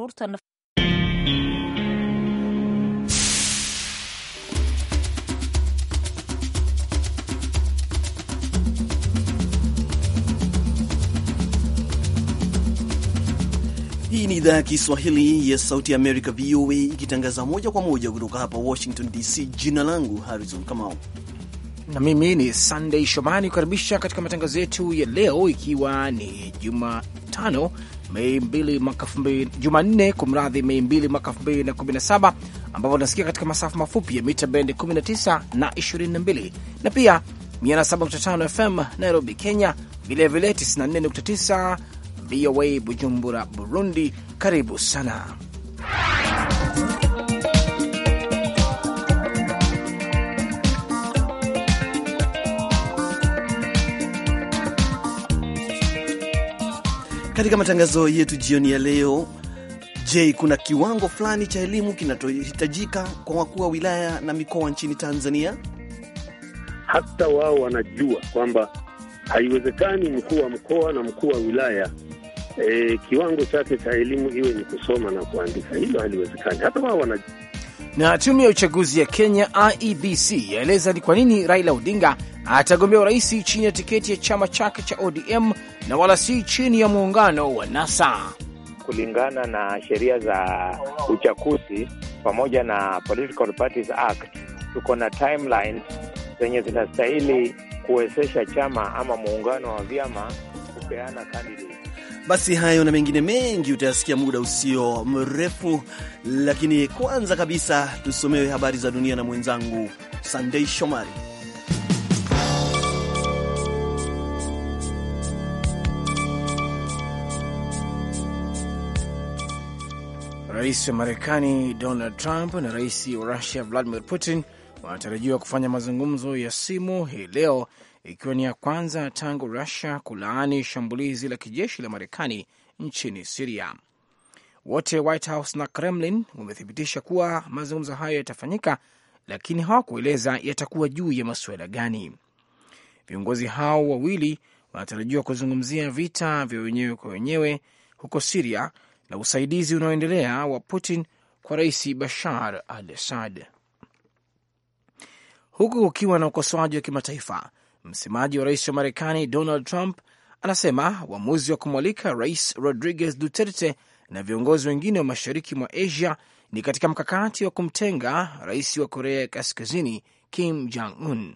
Hii ni idhaa ya Kiswahili ya Sauti ya Amerika, VOA, ikitangaza moja kwa moja kutoka hapa Washington DC. Jina langu Harrison Kamau na mimi ni sandey Shomani kukaribisha katika matangazo yetu ya leo, ikiwa ni Jumatano Mei mbili mwaka elfu mbili Jumanne, kumradhi, Mei mbili mwaka elfu mbili na kumi na saba ambapo unasikia katika masafa mafupi ya mita bendi 19 na 22 na pia 107.5 FM Nairobi, Kenya, vilevile 94.9 VOA Bujumbura, Burundi. Karibu sana Katika matangazo yetu jioni ya leo, je, kuna kiwango fulani cha elimu kinachohitajika kwa wakuu wa wilaya na mikoa nchini Tanzania? Hata wao wanajua kwamba haiwezekani mkuu wa mkoa na mkuu wa wilaya e, kiwango chake cha elimu iwe ni kusoma na kuandika. Hilo haliwezekani, hata wao wanajua. Na tume ya uchaguzi ya Kenya IEBC yaeleza ni kwa nini Raila Odinga atagombea urais chini ya tiketi ya chama chake cha ODM na wala si chini ya muungano wa NASA. Kulingana na sheria za uchaguzi pamoja na Political Parties Act, tuko na timeline zenye zinastahili kuwezesha chama ama muungano wa vyama kupeana kandidati basi hayo na mengine mengi utayasikia muda usio mrefu, lakini kwanza kabisa tusomewe habari za dunia na mwenzangu Sandei Shomari. Rais wa Marekani Donald Trump na rais wa Rusia Vladimir Putin wanatarajiwa kufanya mazungumzo ya simu hii leo ikiwa ni ya kwanza tangu Rusia kulaani shambulizi la kijeshi la Marekani nchini Siria. Wote White House na Kremlin wamethibitisha kuwa mazungumzo hayo yatafanyika, lakini hawakueleza yatakuwa juu ya masuala gani. Viongozi hao wawili wanatarajiwa kuzungumzia vita vya wenyewe kwa wenyewe huko Siria na usaidizi unaoendelea wa Putin kwa Rais Bashar al Assad, huku kukiwa na ukosoaji wa kimataifa Msemaji wa rais wa Marekani Donald Trump anasema uamuzi wa kumwalika Rais Rodriguez Duterte na viongozi wengine wa mashariki mwa Asia ni katika mkakati wa kumtenga rais wa Korea ya Kaskazini Kim Jong Un.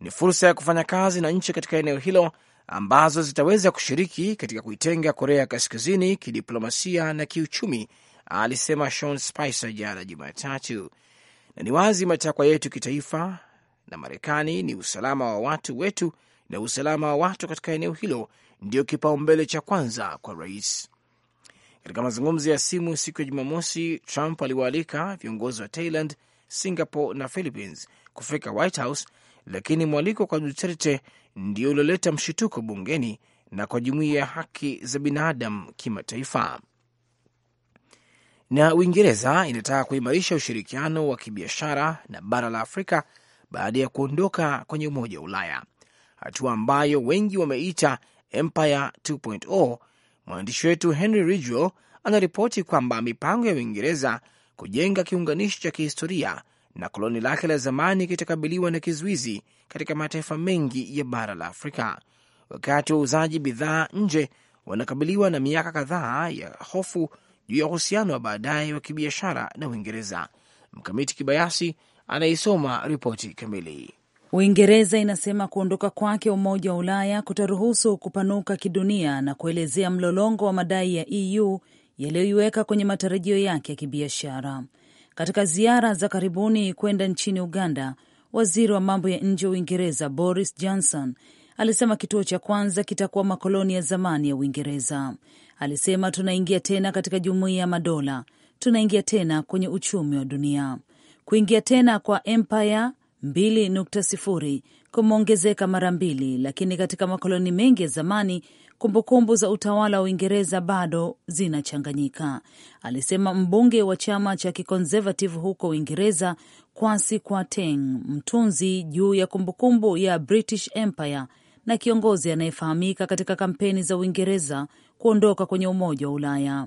Ni fursa ya kufanya kazi na nchi katika eneo hilo ambazo zitaweza kushiriki katika kuitenga Korea ya Kaskazini kidiplomasia na kiuchumi, alisema Sean Spicer jana Jumatatu. Na ni wazi matakwa yetu kitaifa na Marekani ni usalama wa watu wetu na usalama wa watu katika eneo hilo ndiyo kipaumbele cha kwanza kwa rais. Katika mazungumzo ya simu siku ya Jumamosi, Trump aliwaalika viongozi wa Thailand, Singapore na Philippines kufika White House, lakini mwaliko kwa Duterte ndio ulioleta mshituko bungeni na kwa jumuiya ya haki za binadamu kimataifa. Na Uingereza inataka kuimarisha ushirikiano wa kibiashara na bara la Afrika baada ya kuondoka kwenye Umoja wa Ulaya, hatua ambayo wengi wameita Empire 2.0. Mwandishi wetu Henry Ridgwell anaripoti kwamba mipango ya Uingereza kujenga kiunganishi cha kihistoria na koloni lake la zamani kitakabiliwa na kizuizi katika mataifa mengi ya bara la Afrika. Wakati wa uuzaji bidhaa nje wanakabiliwa na miaka kadhaa ya hofu juu ya uhusiano wa baadaye wa kibiashara na Uingereza. Mkamiti Kibayasi anaisoma ripoti kamili. Uingereza inasema kuondoka kwake Umoja wa Ulaya kutaruhusu kupanuka kidunia na kuelezea mlolongo wa madai ya EU yaliyoiweka kwenye matarajio yake ya kibiashara. Katika ziara za karibuni kwenda nchini Uganda, waziri wa mambo ya nje wa Uingereza Boris Johnson alisema kituo cha kwanza kitakuwa makoloni ya zamani ya Uingereza. Alisema tunaingia tena katika jumuiya ya madola, tunaingia tena kwenye uchumi wa dunia. Kuingia tena kwa Empire 2.0 kumeongezeka mara mbili, lakini katika makoloni mengi ya zamani kumbukumbu za utawala wa Uingereza bado zinachanganyika, alisema mbunge wa chama cha kiconservative huko Uingereza Kwasi Kwarteng, mtunzi juu ya kumbukumbu ya British Empire na kiongozi anayefahamika katika kampeni za Uingereza kuondoka kwenye Umoja wa Ulaya.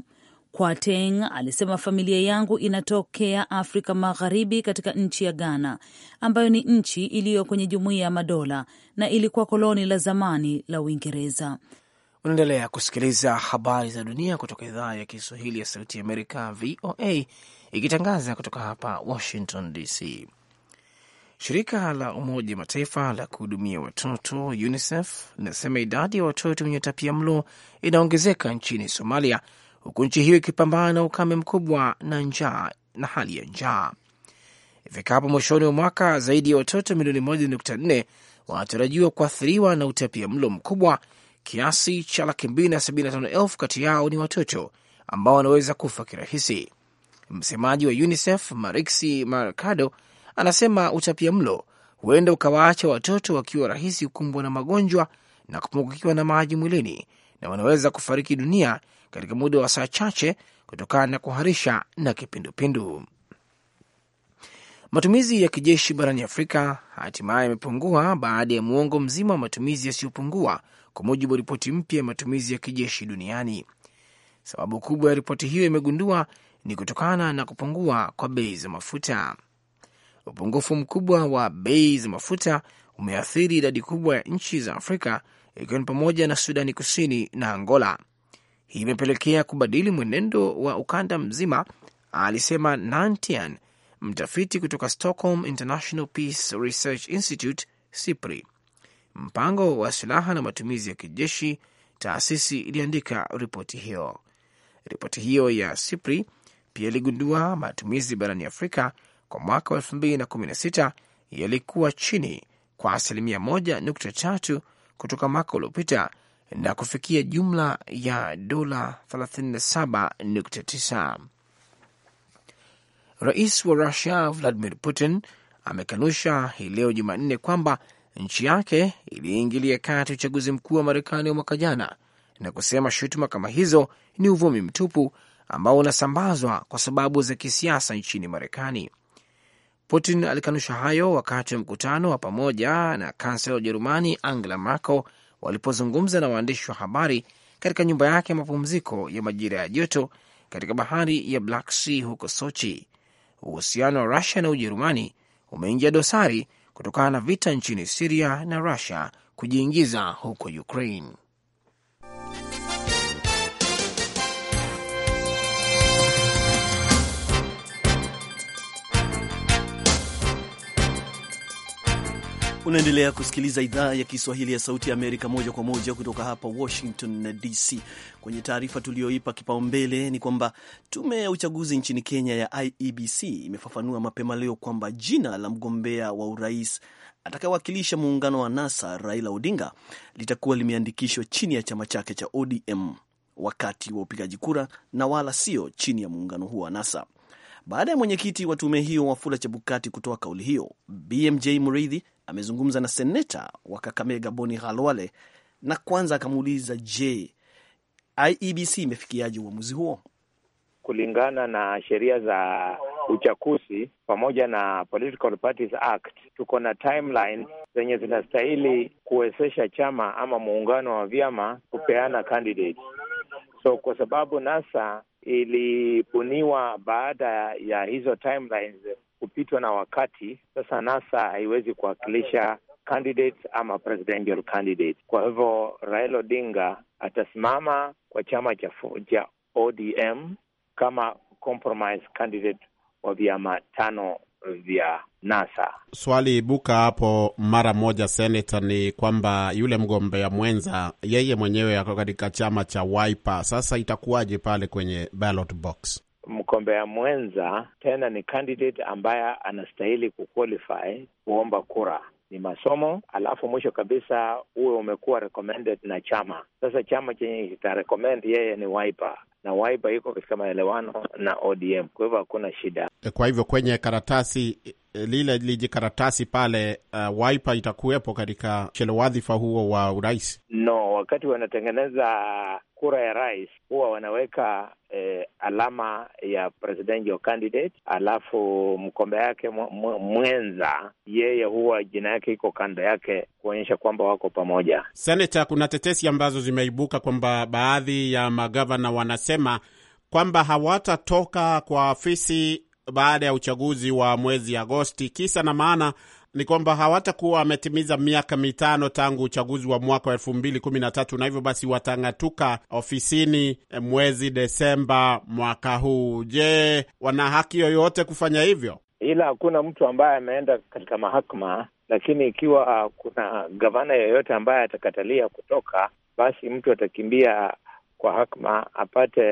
Kwateng alisema familia yangu inatokea Afrika Magharibi katika nchi ya Ghana ambayo ni nchi iliyo kwenye jumuiya ya madola na ilikuwa koloni la zamani la Uingereza. Unaendelea kusikiliza habari za dunia kutoka idhaa ya Kiswahili ya Sauti Amerika, VOA, ikitangaza kutoka hapa Washington DC. Shirika la Umoja Mataifa la kuhudumia watoto UNICEF linasema idadi ya watoto wenye tapia mlo inaongezeka nchini Somalia huku nchi hiyo ikipambana na ukame mkubwa na njaa na hali ya njaa. Ifikapo mwishoni wa mwaka, zaidi ya watoto milioni moja nukta nne wanatarajiwa kuathiriwa na utapia mlo mkubwa. Kiasi cha laki mbili na sabini na tano elfu kati yao ni watoto ambao wanaweza kufa kirahisi. Msemaji wa UNICEF Marixi Mercado anasema utapia mlo huenda ukawaacha watoto wakiwa rahisi kukumbwa na magonjwa na kupungukiwa na maji mwilini na wanaweza kufariki dunia katika muda wa saa chache kutokana na kuharisha na kipindupindu. Matumizi ya kijeshi barani Afrika hatimaye yamepungua baada ya muongo mzima wa matumizi yasiyopungua, kwa mujibu wa ripoti mpya ya matumizi ya kijeshi duniani. Sababu kubwa ya ripoti hiyo imegundua ni kutokana na kupungua kwa bei za mafuta. Upungufu mkubwa wa bei za mafuta umeathiri idadi kubwa ya nchi za Afrika, ikiwa ni pamoja na Sudani Kusini na Angola, hii imepelekea kubadili mwenendo wa ukanda mzima, alisema Nantian, mtafiti kutoka Stockholm International Peace Research Institute SIPRI. Mpango wa silaha na matumizi ya kijeshi, taasisi iliandika ripoti hiyo. Ripoti hiyo ya SIPRI pia iligundua matumizi barani Afrika kwa mwaka wa 2016 yalikuwa chini kwa asilimia 1.3 kutoka mwaka uliopita na kufikia jumla ya dola 37.9. Rais wa Rusia Vladimir Putin amekanusha hii leo Jumanne kwamba nchi yake iliingilia kati uchaguzi mkuu wa Marekani wa mwaka jana na kusema shutuma kama hizo ni uvumi mtupu ambao unasambazwa kwa sababu za kisiasa nchini Marekani. Putin alikanusha hayo wakati wa mkutano wa pamoja na kansela wa Ujerumani Angela Merkel walipozungumza na waandishi wa habari katika nyumba yake ya mapumziko ya majira ya joto katika bahari ya Black Sea huko Sochi. Uhusiano wa Rusia na Ujerumani umeingia dosari kutokana na vita nchini Siria na Rusia kujiingiza huko Ukraine. Unaendelea kusikiliza idhaa ya Kiswahili ya Sauti ya Amerika moja kwa moja kutoka hapa Washington DC. Kwenye taarifa tuliyoipa kipaumbele ni kwamba tume ya uchaguzi nchini Kenya ya IEBC imefafanua mapema leo kwamba jina la mgombea wa urais atakayewakilisha muungano wa NASA Raila Odinga litakuwa limeandikishwa chini ya chama chake cha ODM wakati wa upigaji kura na wala sio chini ya muungano huo wa NASA. Baada ya mwenyekiti wa tume hiyo Wafula Chebukati kutoa kauli hiyo, BMJ Mridhi amezungumza na seneta wa Kakamega Boni Khalwale na kwanza akamuuliza je, IEBC imefikiaje uamuzi huo? Kulingana na sheria za uchakuzi pamoja na Political Parties Act, tuko na timeline zenye zinastahili kuwezesha chama ama muungano wa vyama kupeana candidate. So kwa sababu NASA ilibuniwa baada ya hizo timelines kupitwa na wakati. Sasa NASA haiwezi kuwakilisha candidates ama presidential candidates. Kwa hivyo Raila Odinga atasimama kwa chama cha ja ODM kama compromise candidate wa vyama tano vya NASA. Swali ibuka hapo mara moja, senata, ni kwamba yule mgombea mwenza yeye mwenyewe ako katika chama cha Wiper. Sasa itakuwaje pale kwenye ballot box? mgombea mwenza tena ni candidate ambaye anastahili kuqualify kuomba kura ni masomo, alafu mwisho kabisa huwe umekuwa recommended na chama. Sasa chama chenye kitarekomend yeye ni Wiper na Wiper iko katika maelewano na ODM, kwa hivyo hakuna shida. Eh, kwa hivyo kwenye karatasi Eh, lile lijikaratasi pale uh, Wiper itakuwepo katika chele wadhifa huo wa urais? No, wakati wanatengeneza kura ya rais huwa wanaweka eh, alama ya presidential candidate, alafu mkombe yake mwenza yeye huwa jina yake iko kando yake kuonyesha kwamba wako pamoja. Senata, kuna tetesi ambazo zimeibuka kwamba baadhi ya magavana wanasema kwamba hawatatoka kwa afisi baada ya uchaguzi wa mwezi Agosti. Kisa na maana ni kwamba hawatakuwa wametimiza miaka mitano tangu uchaguzi wa mwaka wa elfu mbili kumi na tatu na hivyo basi watang'atuka ofisini mwezi Desemba mwaka huu. Je, wana haki yoyote kufanya hivyo? Ila hakuna mtu ambaye ameenda katika mahakama, lakini ikiwa ah, kuna gavana yoyote ambaye atakatalia kutoka, basi mtu atakimbia kwa hakma apate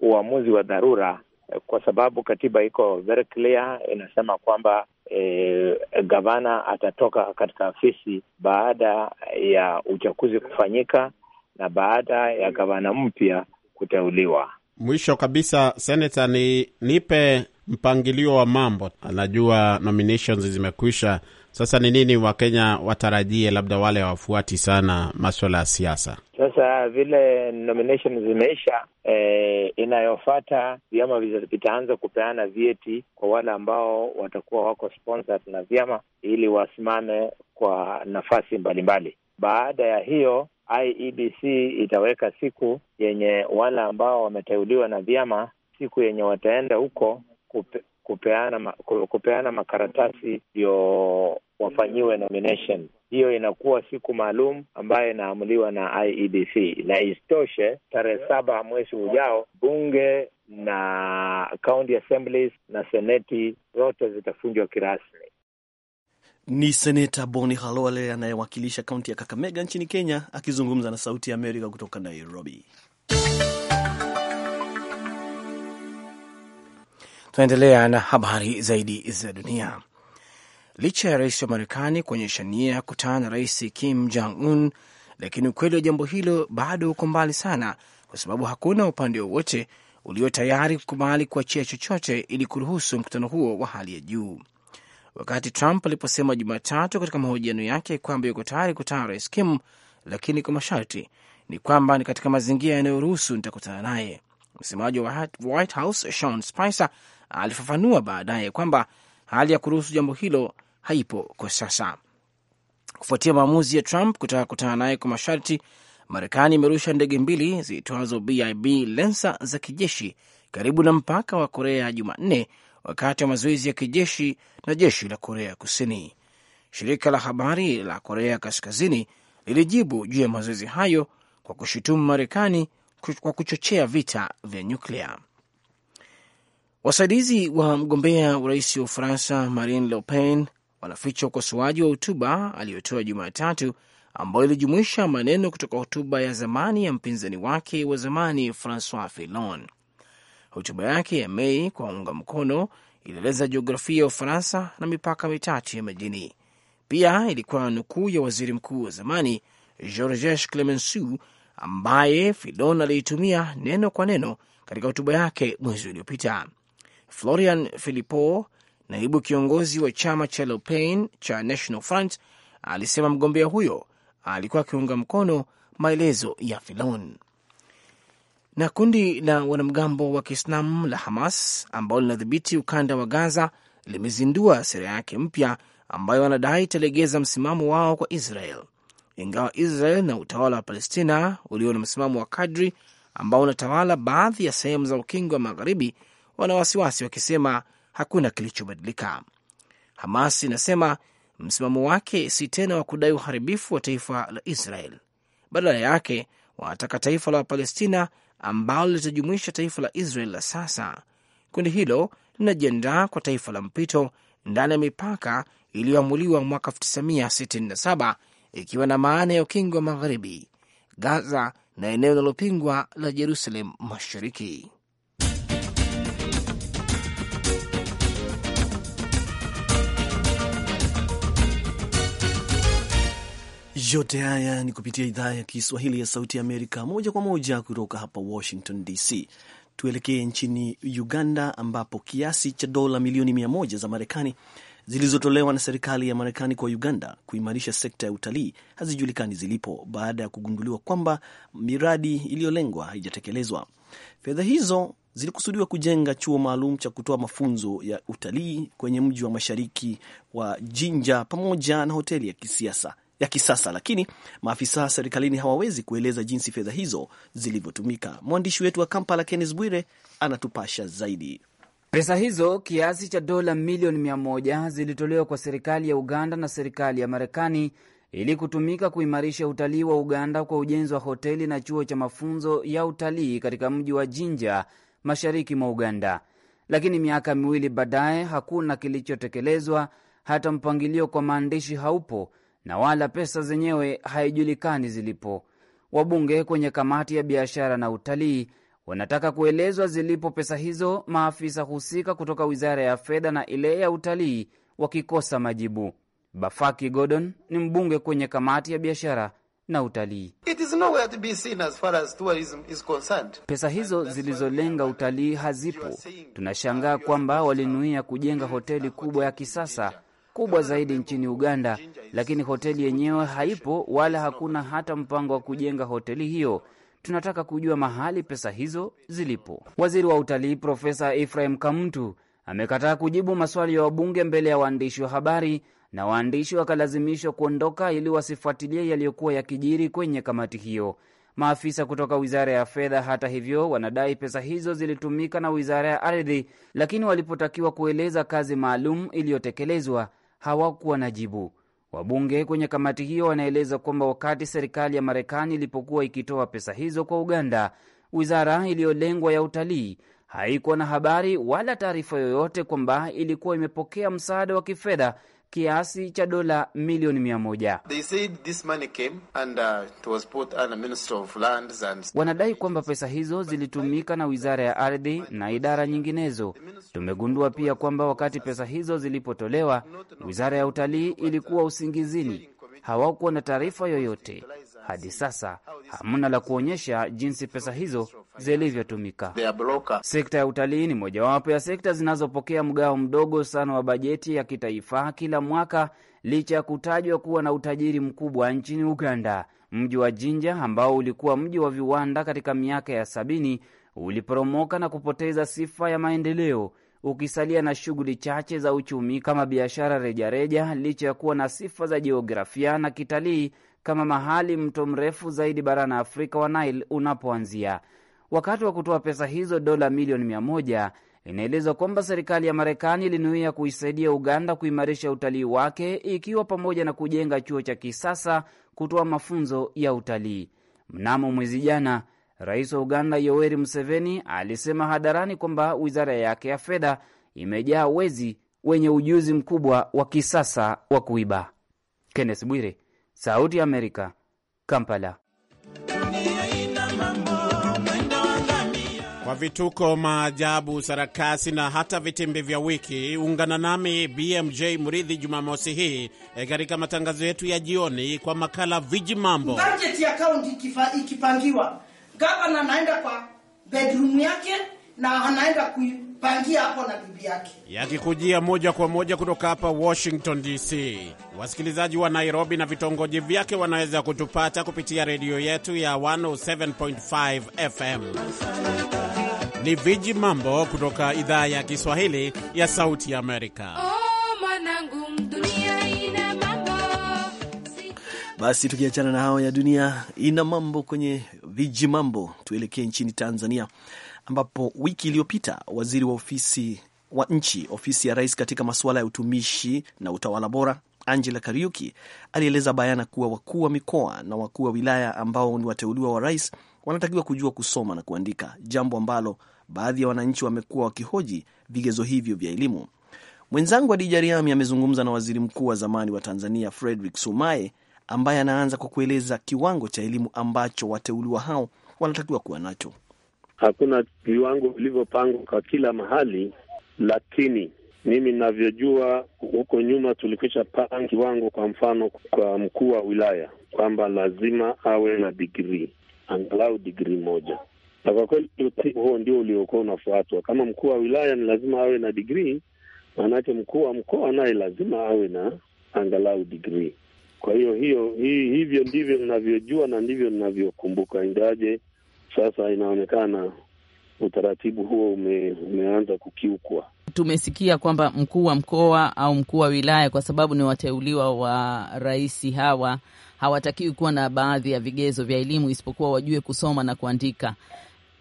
uamuzi wa dharura Eh, kwa sababu katiba iko very clear, inasema kwamba e, gavana atatoka katika afisi baada ya uchaguzi kufanyika na baada ya gavana mpya kuteuliwa. Mwisho kabisa, senata, ni nipe mpangilio wa mambo. Anajua nominations zimekwisha sasa ni nini Wakenya watarajie, labda wale wafuati sana maswala ya siasa? Sasa vile nomination zimeisha, e, eh, inayofata vyama vitaanza kupeana vyeti kwa wale ambao watakuwa wako sponsored na vyama ili wasimame kwa nafasi mbalimbali. Baada ya hiyo IEBC itaweka siku yenye wale ambao wameteuliwa na vyama, siku yenye wataenda huko kupe, kupeana, kupeana makaratasi ndio wafanyiwe nomination. Hiyo inakuwa siku maalum ambayo inaamuliwa na IEBC, na isitoshe, tarehe saba mwezi ujao bunge na county assemblies na seneti zote zitafunjwa kirasmi. Ni Seneta Boni Halole anayewakilisha kaunti ya Kakamega nchini Kenya akizungumza na Sauti ya Amerika kutoka Nairobi. Tunaendelea na habari zaidi za dunia licha ya rais wa Marekani kuonyesha nia ya kukutana na rais Kim Jong Un, lakini ukweli wa jambo hilo bado uko mbali sana, kwa sababu hakuna upande wowote ulio tayari kukubali kuachia chochote ili kuruhusu mkutano huo wa hali ya juu. Wakati Trump aliposema Jumatatu katika mahojiano yake kwamba yuko tayari kukutana na rais Kim, lakini kwa masharti ni kwamba ni katika mazingira yanayoruhusu nitakutana naye. Msemaji wa White House Sean Spicer alifafanua baadaye kwamba hali ya kuruhusu jambo hilo haipo kwa sasa. Kufuatia maamuzi ya Trump kutaka kutana naye kwa masharti, Marekani imerusha ndege mbili ziitwazo BIB Lensa za kijeshi karibu na mpaka wa Korea Jumanne, wakati wa mazoezi ya kijeshi na jeshi la Korea Kusini. Shirika la habari la Korea Kaskazini lilijibu juu ya mazoezi hayo kwa kushutumu Marekani kwa kuchochea vita vya nyuklia. Wasaidizi wa mgombea urais wa Ufaransa Marine Le Pen wanaficha ukosoaji wa hotuba aliyotoa Jumatatu ambayo ilijumuisha maneno kutoka hotuba ya zamani ya mpinzani wake wa zamani Francois Fillon. Hotuba yake ya Mei kwa unga mkono ilieleza jiografia ya Ufaransa na mipaka mitatu ya majini. Pia ilikuwa nukuu ya waziri mkuu wa zamani Georges Clemenceau ambaye Fillon aliitumia neno kwa neno katika hotuba yake mwezi uliopita. Florian Philippot Naibu kiongozi wa chama cha Le Pen cha National Front alisema mgombea huyo alikuwa akiunga mkono maelezo ya Filon. Na kundi la wanamgambo wa Kiislamu la Hamas ambalo linadhibiti ukanda wa Gaza limezindua sera yake mpya ambayo wanadai italegeza msimamo wao kwa Israel, ingawa Israel na utawala wa Palestina ulio na msimamo wa kadri ambao unatawala baadhi ya sehemu za ukingo wa magharibi wana wasiwasi wakisema hakuna kilichobadilika. Hamas inasema msimamo wake si tena wa kudai uharibifu wa taifa la Israel. Badala yake wanataka taifa la Wapalestina ambalo litajumuisha taifa la Israel la sasa. Kundi hilo linajiandaa kwa taifa la mpito ndani ya mipaka iliyoamuliwa mwaka 1967 ikiwa na maana ya ukingo wa magharibi, Gaza na eneo linalopingwa la Jerusalem mashariki. Yote haya ni kupitia idhaa ya Kiswahili ya Sauti ya Amerika, moja kwa moja kutoka hapa Washington DC. Tuelekee nchini Uganda, ambapo kiasi cha dola milioni mia moja za Marekani zilizotolewa na serikali ya Marekani kwa Uganda kuimarisha sekta ya utalii hazijulikani zilipo baada ya kugunduliwa kwamba miradi iliyolengwa haijatekelezwa. Fedha hizo zilikusudiwa kujenga chuo maalum cha kutoa mafunzo ya utalii kwenye mji wa mashariki wa Jinja pamoja na hoteli ya kisiasa ya kisasa, lakini maafisa serikalini hawawezi kueleza jinsi fedha hizo zilivyotumika. Mwandishi wetu wa Kampala Kennes Bwire anatupasha zaidi. Pesa hizo kiasi cha dola milioni mia moja zilitolewa kwa serikali ya Uganda na serikali ya Marekani ili kutumika kuimarisha utalii wa Uganda kwa ujenzi wa hoteli na chuo cha mafunzo ya utalii katika mji wa Jinja, mashariki mwa Uganda. Lakini miaka miwili baadaye hakuna kilichotekelezwa, hata mpangilio kwa maandishi haupo, na wala pesa zenyewe haijulikani zilipo. Wabunge kwenye kamati ya biashara na utalii wanataka kuelezwa zilipo pesa hizo, maafisa husika kutoka wizara ya fedha na ile ya utalii wakikosa majibu. Bafaki Gordon ni mbunge kwenye kamati ya biashara na utalii. It is nowhere to be seen as far as tourism is concerned. Pesa hizo zilizolenga utalii hazipo. Tunashangaa kwamba walinuia kujenga hoteli kubwa ya kisasa kubwa zaidi nchini Uganda, lakini hoteli yenyewe haipo wala hakuna hata mpango wa kujenga hoteli hiyo. Tunataka kujua mahali pesa hizo zilipo. Waziri wa utalii Profesa Ephraim Kamtu amekataa kujibu maswali ya wabunge mbele ya waandishi wa habari na waandishi wakalazimishwa kuondoka ili wasifuatilie yaliyokuwa yakijiri kwenye kamati hiyo. Maafisa kutoka wizara ya fedha, hata hivyo, wanadai pesa hizo zilitumika na wizara ya ardhi, lakini walipotakiwa kueleza kazi maalum iliyotekelezwa hawakuwa na jibu. Wabunge kwenye kamati hiyo wanaeleza kwamba wakati serikali ya Marekani ilipokuwa ikitoa pesa hizo kwa Uganda, wizara iliyolengwa ya utalii haikuwa na habari wala taarifa yoyote kwamba ilikuwa imepokea msaada wa kifedha kiasi cha dola milioni mia moja. Wanadai kwamba pesa hizo zilitumika na wizara ya ardhi na idara nyinginezo. Tumegundua pia kwamba wakati pesa hizo zilipotolewa, wizara ya utalii ilikuwa usingizini. Hawakuwa na taarifa yoyote hadi sasa hamna la kuonyesha jinsi pesa hizo zilivyotumika. Sekta ya utalii ni mojawapo ya sekta zinazopokea mgao mdogo sana wa bajeti ya kitaifa kila mwaka, licha ya kutajwa kuwa na utajiri mkubwa nchini Uganda. Mji wa Jinja ambao ulikuwa mji wa viwanda katika miaka ya sabini uliporomoka na kupoteza sifa ya maendeleo ukisalia na shughuli chache za uchumi kama biashara rejareja, licha ya kuwa na sifa za jiografia na kitalii kama mahali mto mrefu zaidi barani Afrika wa Nile unapoanzia. Wakati wa kutoa pesa hizo dola milioni mia moja inaelezwa kwamba serikali ya Marekani ilinuia kuisaidia Uganda kuimarisha utalii wake, ikiwa pamoja na kujenga chuo cha kisasa kutoa mafunzo ya utalii. Mnamo mwezi jana, rais wa Uganda Yoweri Museveni alisema hadharani kwamba wizara yake ya fedha imejaa wezi wenye ujuzi mkubwa wa kisasa wa kuiba. Kenneth Bwire, Sauti Amerika, Kampala. Kwa vituko, maajabu, sarakasi na hata vitimbi vya wiki, ungana nami BMJ Mridhi Jumamosi hii e, katika matangazo yetu ya jioni kwa makala Viji Mambo. Bajeti ya kaunti ikipangiwa, gavana anaenda kwa bedroom yake na anaenda kuipangia hapo na bibi yake. Yakikujia moja kwa moja kutoka hapa Washington DC. Wasikilizaji wa Nairobi na vitongoji vyake wanaweza kutupata kupitia redio yetu ya 107.5 FM. Ni viji mambo kutoka idhaa ya Kiswahili ya Sauti ya Amerika. Oh, Basi tukiachana na hawa ya dunia ina mambo kwenye viji mambo, tuelekee nchini Tanzania ambapo wiki iliyopita waziri wa ofisi wa nchi ofisi ya rais katika masuala ya utumishi na utawala bora Angela Kariuki alieleza bayana kuwa wakuu wa mikoa na wakuu wa wilaya ambao ni wateuliwa wa rais wanatakiwa kujua kusoma na kuandika, jambo ambalo baadhi ya wananchi wamekuwa wakihoji vigezo hivyo vya elimu. Mwenzangu Adija Riami amezungumza na waziri mkuu wa zamani wa Tanzania Frederick Sumaye, ambaye anaanza kwa kueleza kiwango cha elimu ambacho wateuliwa hao wanatakiwa kuwa nacho hakuna viwango vilivyopangwa kwa kila mahali, lakini mimi navyojua, huko nyuma tulikwisha panga kiwango, kwa mfano kwa mkuu wa wilaya kwamba lazima awe na digrii, angalau digrii moja, na kwa kweli utaratibu huo ndio uliokuwa unafuatwa. Kama mkuu wa wilaya ni lazima awe na digrii, maanake mkuu wa mkoa naye lazima awe na angalau digrii. Kwa hiyo hiyo hivyo ndivyo ninavyojua na ndivyo ninavyokumbuka, ingawaje sasa inaonekana utaratibu huo ume, umeanza kukiukwa. Tumesikia kwamba mkuu wa mkoa au mkuu wa wilaya, kwa sababu ni wateuliwa wa rais, hawa hawatakiwi kuwa na baadhi ya vigezo vya elimu isipokuwa wajue kusoma na kuandika.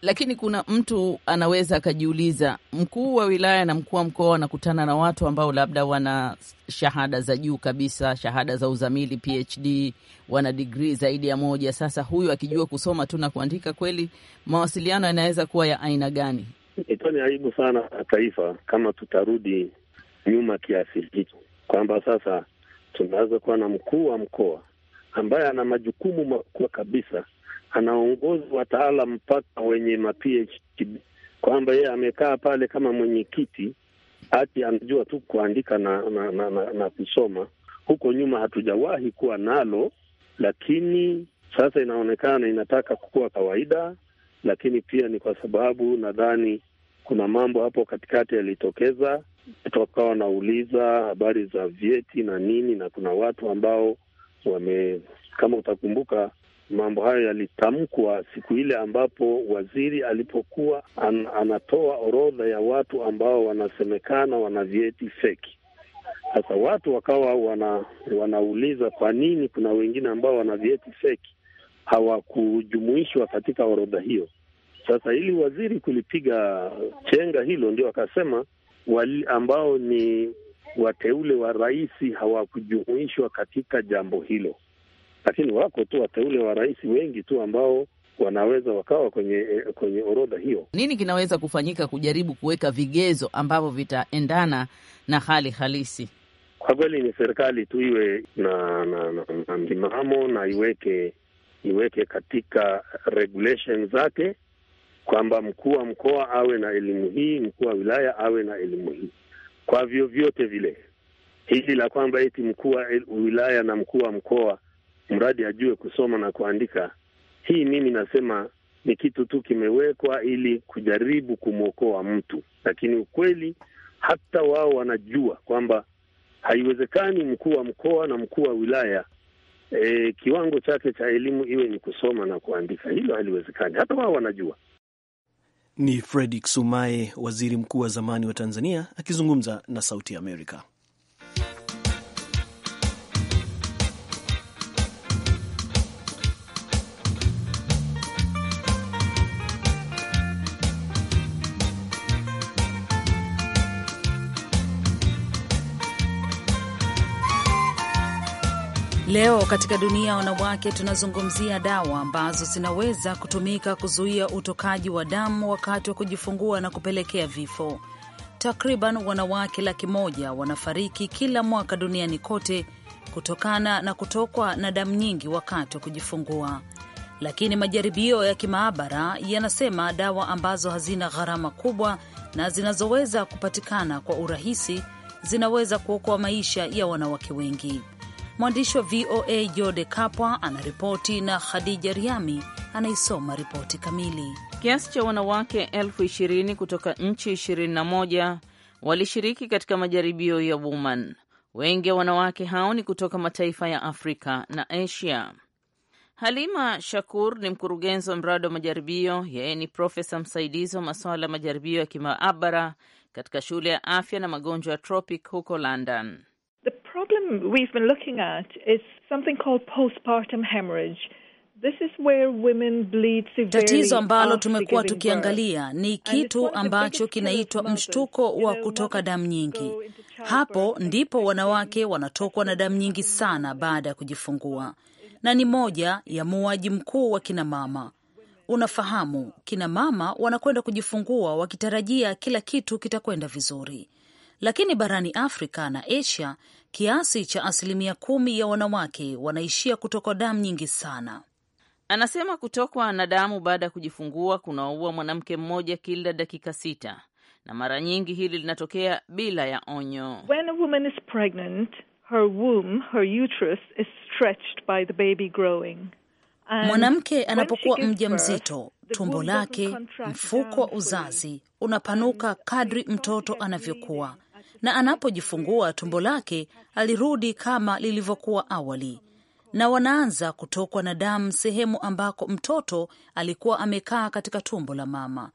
Lakini kuna mtu anaweza akajiuliza, mkuu wa wilaya na mkuu wa mkoa wanakutana na watu ambao labda wana shahada za juu kabisa, shahada za uzamili PhD, wana digri zaidi ya moja. Sasa huyu akijua kusoma tu na kuandika, kweli mawasiliano yanaweza kuwa ya aina gani? Itakuwa ni aibu sana taifa kama tutarudi nyuma kiasi hicho, kwamba sasa tunaweza kuwa na mkuu wa mkoa ambaye ana majukumu makubwa kabisa anaongoza wataalam mpaka wenye ma kwamba yeye amekaa pale kama mwenyekiti hati anajua tu kuandika na na, na, na na kusoma. Huko nyuma hatujawahi kuwa nalo, lakini sasa inaonekana inataka kukuwa kawaida, lakini pia ni kwa sababu nadhani kuna mambo hapo katikati yalitokeza, watu wakawa wanauliza habari za vyeti na nini, na kuna watu ambao wame, kama utakumbuka Mambo hayo yalitamkwa siku ile ambapo waziri alipokuwa an, anatoa orodha ya watu ambao wanasemekana wana vyeti feki. Sasa watu wakawa wana, wanauliza kwa nini kuna wengine ambao wana vyeti feki hawakujumuishwa katika orodha hiyo. Sasa ili waziri kulipiga chenga hilo, ndio akasema wali ambao ni wateule wa rais hawakujumuishwa katika jambo hilo lakini wako tu wateule wa rais wengi tu ambao wanaweza wakawa kwenye eh, kwenye orodha hiyo. Nini kinaweza kufanyika kujaribu kuweka vigezo ambavyo vitaendana na hali halisi? Kwa kweli ni serikali tu iwe na na, na, na na iweke iweke katika regulation zake kwamba mkuu wa mkoa awe na elimu hii, mkuu wa wilaya awe na elimu hii. Kwa vyovyote vile, hili la kwamba eti mkuu wa wilaya na mkuu wa mkoa mradi ajue kusoma na kuandika. Hii mimi nasema ni kitu tu kimewekwa ili kujaribu kumwokoa mtu, lakini ukweli hata wao wanajua kwamba haiwezekani mkuu wa mkoa na mkuu wa wilaya e, kiwango chake cha elimu iwe ni kusoma na kuandika. Hilo haliwezekani, hata wao wanajua. Ni Fredrick Sumaye, waziri mkuu wa zamani wa Tanzania, akizungumza na Sauti ya Amerika. Leo katika dunia ya wanawake tunazungumzia dawa ambazo zinaweza kutumika kuzuia utokaji wa damu wakati wa kujifungua na kupelekea vifo. Takriban wanawake laki moja wanafariki kila mwaka duniani kote kutokana na kutokwa na damu nyingi wakati wa kujifungua, lakini majaribio ya kimaabara yanasema dawa ambazo hazina gharama kubwa na zinazoweza kupatikana kwa urahisi zinaweza kuokoa maisha ya wanawake wengi. Mwandishi wa VOA Jode Kapwa anaripoti na Khadija Riami anaisoma ripoti kamili. Kiasi cha wanawake elfu ishirini kutoka nchi 21 walishiriki katika majaribio ya Woman. Wengi wa wanawake hao ni kutoka mataifa ya Afrika na Asia. Halima Shakur ni mkurugenzi wa mradi wa majaribio. Yeye ni profesa msaidizi wa masuala ya majaribio ya kimaabara katika shule ya afya na magonjwa ya tropic huko London problem we've been looking at is something called postpartum hemorrhage. This is where women bleed severely. Tatizo ambalo tumekuwa tukiangalia ni kitu ambacho kinaitwa mshtuko wa kutoka damu nyingi. Hapo ndipo wanawake wanatokwa na damu nyingi sana baada ya kujifungua, na ni moja ya muaji mkuu wa kina mama. Unafahamu, kina mama wanakwenda kujifungua wakitarajia kila kitu kitakwenda vizuri lakini barani Afrika na Asia, kiasi cha asilimia kumi ya wanawake wanaishia kutokwa damu nyingi sana. Anasema kutokwa na damu baada ya kujifungua kunaua mwanamke mmoja kila dakika sita, na mara nyingi hili linatokea bila ya onyo. When a woman is pregnant, her womb, her uterus is stretched by the baby growing. Mwanamke anapokuwa mja mzito, tumbo lake, mfuko wa uzazi unapanuka kadri mtoto anavyokuwa na anapojifungua tumbo lake alirudi kama lilivyokuwa awali, na wanaanza kutokwa na damu sehemu ambako mtoto alikuwa amekaa katika tumbo la mama.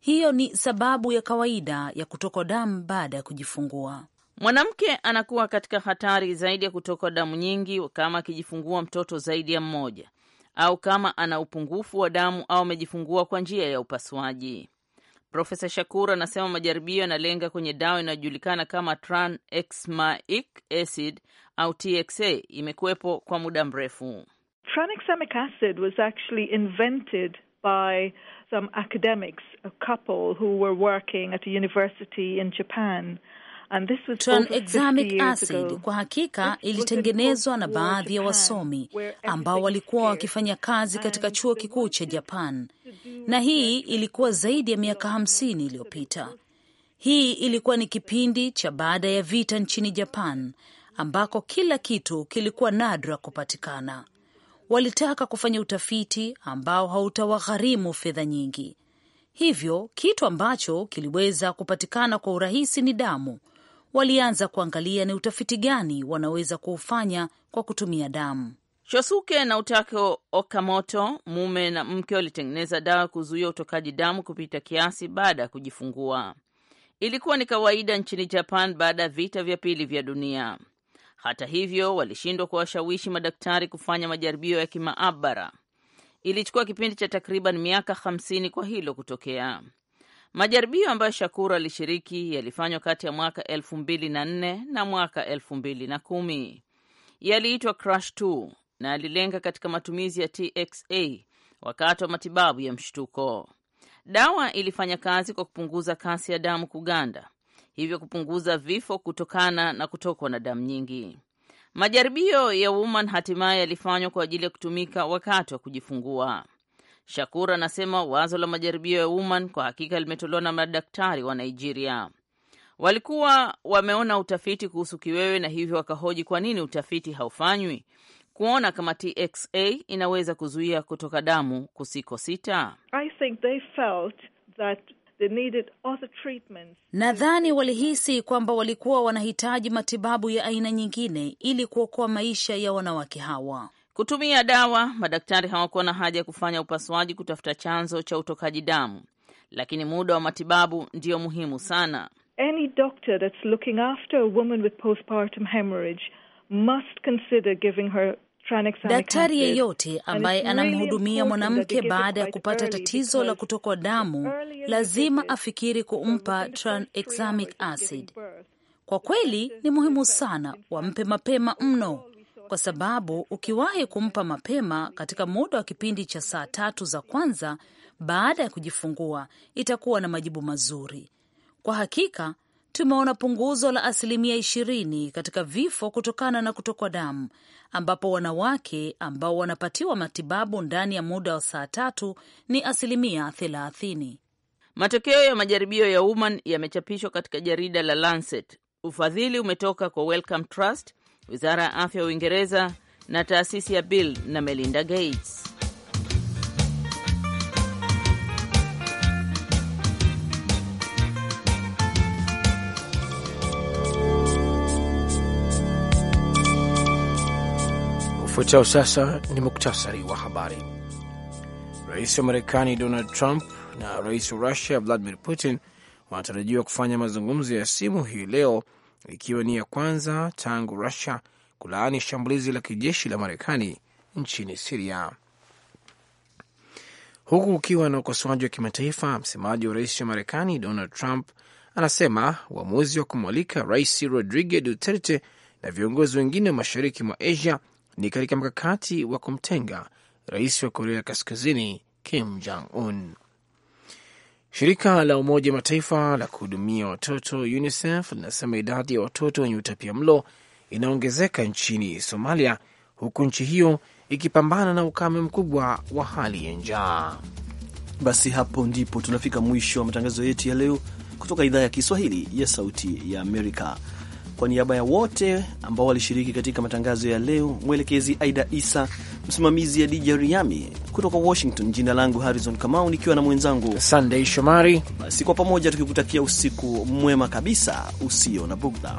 Hiyo ni sababu ya kawaida ya kutokwa damu baada ya kujifungua. Mwanamke anakuwa katika hatari zaidi ya kutokwa damu nyingi kama akijifungua mtoto zaidi ya mmoja, au kama ana upungufu wa damu au amejifungua kwa njia ya upasuaji. Profesa Shakur anasema majaribio yanalenga kwenye dawa inayojulikana kama tranexamic acid au TXA, imekuwepo kwa muda mrefu. Tranexamic acid was actually invented by some academics, a couple who were working at a university in Japan. Tranexamic acid kwa hakika ilitengenezwa na baadhi ya wasomi ambao walikuwa wakifanya kazi katika chuo kikuu cha Japan, na hii ilikuwa zaidi ya miaka hamsini iliyopita. Hii ilikuwa ni kipindi cha baada ya vita nchini Japan ambako kila kitu kilikuwa nadra kupatikana. Walitaka kufanya utafiti ambao hautawagharimu fedha nyingi, hivyo kitu ambacho kiliweza kupatikana kwa urahisi ni damu walianza kuangalia ni utafiti gani wanaweza kuufanya kwa kutumia damu. Shosuke na Utake Okamoto, mume na mke, walitengeneza dawa kuzuia utokaji damu kupita kiasi baada ya kujifungua. Ilikuwa ni kawaida nchini Japan baada ya vita vya pili vya dunia. Hata hivyo, walishindwa kuwashawishi madaktari kufanya majaribio ya kimaabara. Ilichukua kipindi cha takriban miaka 50 kwa hilo kutokea. Majaribio ambayo Shakur alishiriki yalifanywa kati ya mwaka elfu mbili na nne na mwaka elfu mbili na kumi yaliitwa Crash 2 na yalilenga katika matumizi ya TXA wakati wa matibabu ya mshtuko. Dawa ilifanya kazi kwa kupunguza kasi ya damu kuganda, hivyo kupunguza vifo kutokana na kutokwa na damu nyingi. Majaribio ya Woman hatimaye yalifanywa kwa ajili ya kutumika wakati wa kujifungua. Shakur anasema wazo la majaribio ya Woman kwa hakika limetolewa na madaktari wa Nigeria. Walikuwa wameona utafiti kuhusu kiwewe na hivyo wakahoji kwa nini utafiti haufanywi kuona kama TXA inaweza kuzuia kutoka damu kusiko sita. Nadhani walihisi kwamba walikuwa wanahitaji matibabu ya aina nyingine ili kuokoa maisha ya wanawake hawa kutumia dawa. Madaktari hawakuwa na haja ya kufanya upasuaji kutafuta chanzo cha utokaji damu, lakini muda wa matibabu ndiyo muhimu sana. Any doctor that's looking after a woman with postpartum hemorrhage must consider giving her Daktari yeyote ambaye anamhudumia mwanamke baada ya kupata tatizo la kutokwa damu lazima afikiri kumpa tranexamic acid. Kwa kweli ni muhimu sana, wampe mapema mno, kwa sababu ukiwahi kumpa mapema katika muda wa kipindi cha saa tatu za kwanza baada ya kujifungua itakuwa na majibu mazuri. Kwa hakika tumeona punguzo la asilimia ishirini katika vifo kutokana na kutokwa damu, ambapo wanawake ambao wanapatiwa matibabu ndani ya muda wa saa tatu ni asilimia thelathini. Matokeo ya majaribio ya Woman yamechapishwa katika jarida la Lancet. Ufadhili umetoka kwa Wellcome Trust wizara ya afya ya Uingereza na taasisi ya Bill na Melinda Gates. Ufuatao sasa ni muktasari wa habari. Rais wa Marekani Donald Trump na rais wa Rusia Vladimir Putin wanatarajiwa kufanya mazungumzo ya simu hii leo ikiwa ni ya kwanza tangu Rusia kulaani shambulizi la kijeshi la Marekani nchini Siria. Huku ukiwa na ukosoaji wa kimataifa, msemaji wa rais wa Marekani Donald Trump anasema uamuzi wa kumwalika Rais Rodrigo Duterte na viongozi wengine wa mashariki mwa Asia ni katika mkakati wa kumtenga rais wa Korea Kaskazini Kim Jong Un. Shirika la Umoja Mataifa la kuhudumia watoto UNICEF linasema idadi ya watoto wenye utapia mlo inaongezeka nchini Somalia, huku nchi hiyo ikipambana na ukame mkubwa wa hali ya njaa. Basi hapo ndipo tunafika mwisho wa matangazo yetu ya leo kutoka idhaa ya Kiswahili ya Sauti ya Amerika. Kwa niaba ya wote ambao walishiriki katika matangazo ya leo, mwelekezi Aida Isa, msimamizi ya DJ Riami kutoka Washington. Jina langu Harrison Kamau, nikiwa na mwenzangu Sunday Shomari, basi kwa pamoja tukikutakia usiku mwema kabisa usio na bugdha.